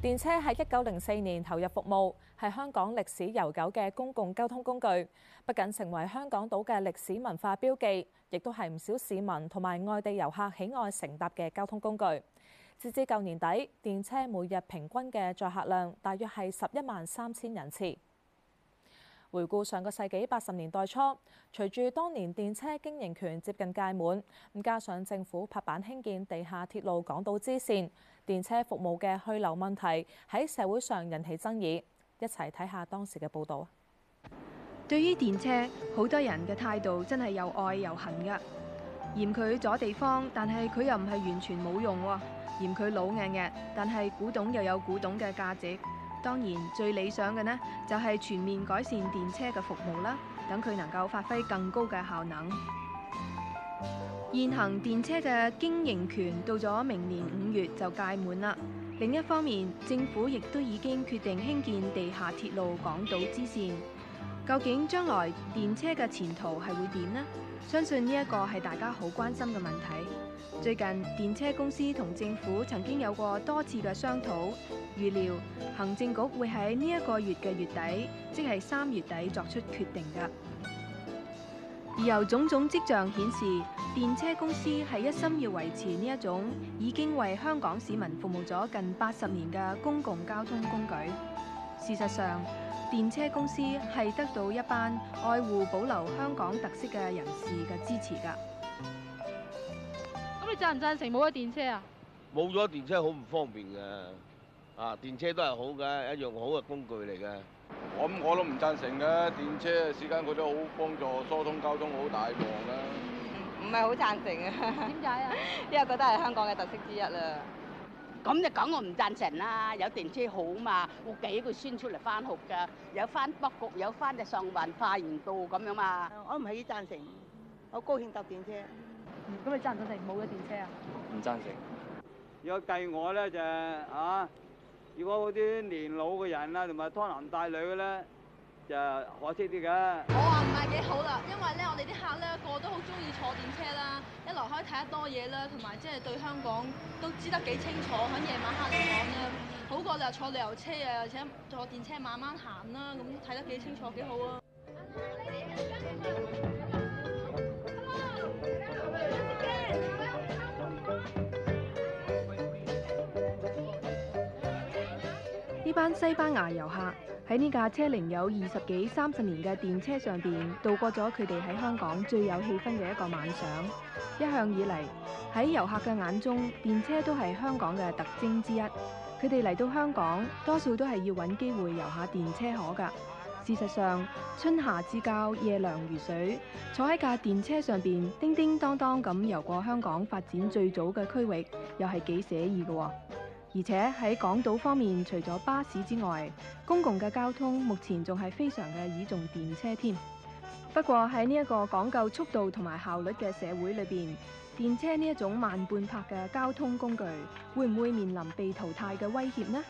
電車喺一九零四年投入服務，係香港歷史悠久嘅公共交通工具，不僅成為香港島嘅歷史文化標記，亦都係唔少市民同埋外地遊客喜愛乘搭嘅交通工具。截至舊年底，電車每日平均嘅載客量大約係十一萬三千人次。回顧上個世紀八十年代初，隨住當年電車經營權接近屆滿，加上政府拍板興建地下鐵路港島支線，電車服務嘅去留問題喺社會上引起爭議。一齊睇下當時嘅報導。對於電車，好多人嘅態度真係又愛又恨㗎，嫌佢阻地方，但係佢又唔係完全冇用喎；嫌佢老硬嘅，但係古董又有古董嘅價值。當然，最理想嘅呢，就係全面改善電車嘅服務啦，等佢能夠發揮更高嘅效能。現行電車嘅經營權到咗明年五月就屆滿啦。另一方面，政府亦都已經決定興建地下鐵路港島支線。究竟將來電車嘅前途係會點呢？相信呢一個係大家好關心嘅問題。最近電車公司同政府曾經有過多次嘅商討，預料行政局會喺呢一個月嘅月底，即係三月底作出決定噶。而由種種跡象顯示，電車公司係一心要維持呢一種已經為香港市民服務咗近八十年嘅公共交通工具。事實上，電車公司係得到一班愛護保留香港特色嘅人士嘅支持㗎。咁你贊唔贊成冇咗電車啊？冇咗電車好唔方便㗎。啊，電車都係好嘅，一樣好嘅工具嚟嘅。咁我諗我都唔贊成嘅，電車嘅時間佢都好幫助疏通交通，好大忙啦。唔係好贊成啊？點解啊？因為覺得係香港嘅特色之一啦。咁就講我唔贊成啦，有電車好嘛，我幾個孫出嚟翻學㗎，有翻北角，有翻就上環化驗道咁樣嘛，我唔係幾贊成，好高興搭電車。咁你贊唔贊成冇咗電車啊？唔贊成。如果計我咧就啊，如果嗰啲年老嘅人啊，同埋拖男帶女咧，就可惜啲㗎。我話唔係幾好啦，因為咧，我哋啲客咧個都好中意坐電車啦，一來可以睇得多嘢啦，同埋即係對香港都知得幾清楚。喺夜晚黑嚟講啦，好過就坐旅遊車啊，而且坐電車慢慢行啦，咁睇得幾清楚，幾好啊！呢班西班牙遊客。喺呢架車齡有二十幾三十年嘅電車上邊，度過咗佢哋喺香港最有氣氛嘅一個晚上。一向以嚟喺遊客嘅眼中，電車都係香港嘅特徵之一。佢哋嚟到香港，多數都係要揾機會遊下電車河㗎。事實上，春夏之交，夜涼如水，坐喺架電車上邊，叮叮噹噹咁遊過香港發展最早嘅區域，又係幾寫意嘅喎。而且喺港島方面，除咗巴士之外，公共嘅交通目前仲係非常嘅倚重電車添。不過喺呢一個講究速度同埋效率嘅社會裏邊，電車呢一種慢半拍嘅交通工具，會唔會面臨被淘汰嘅威脅呢？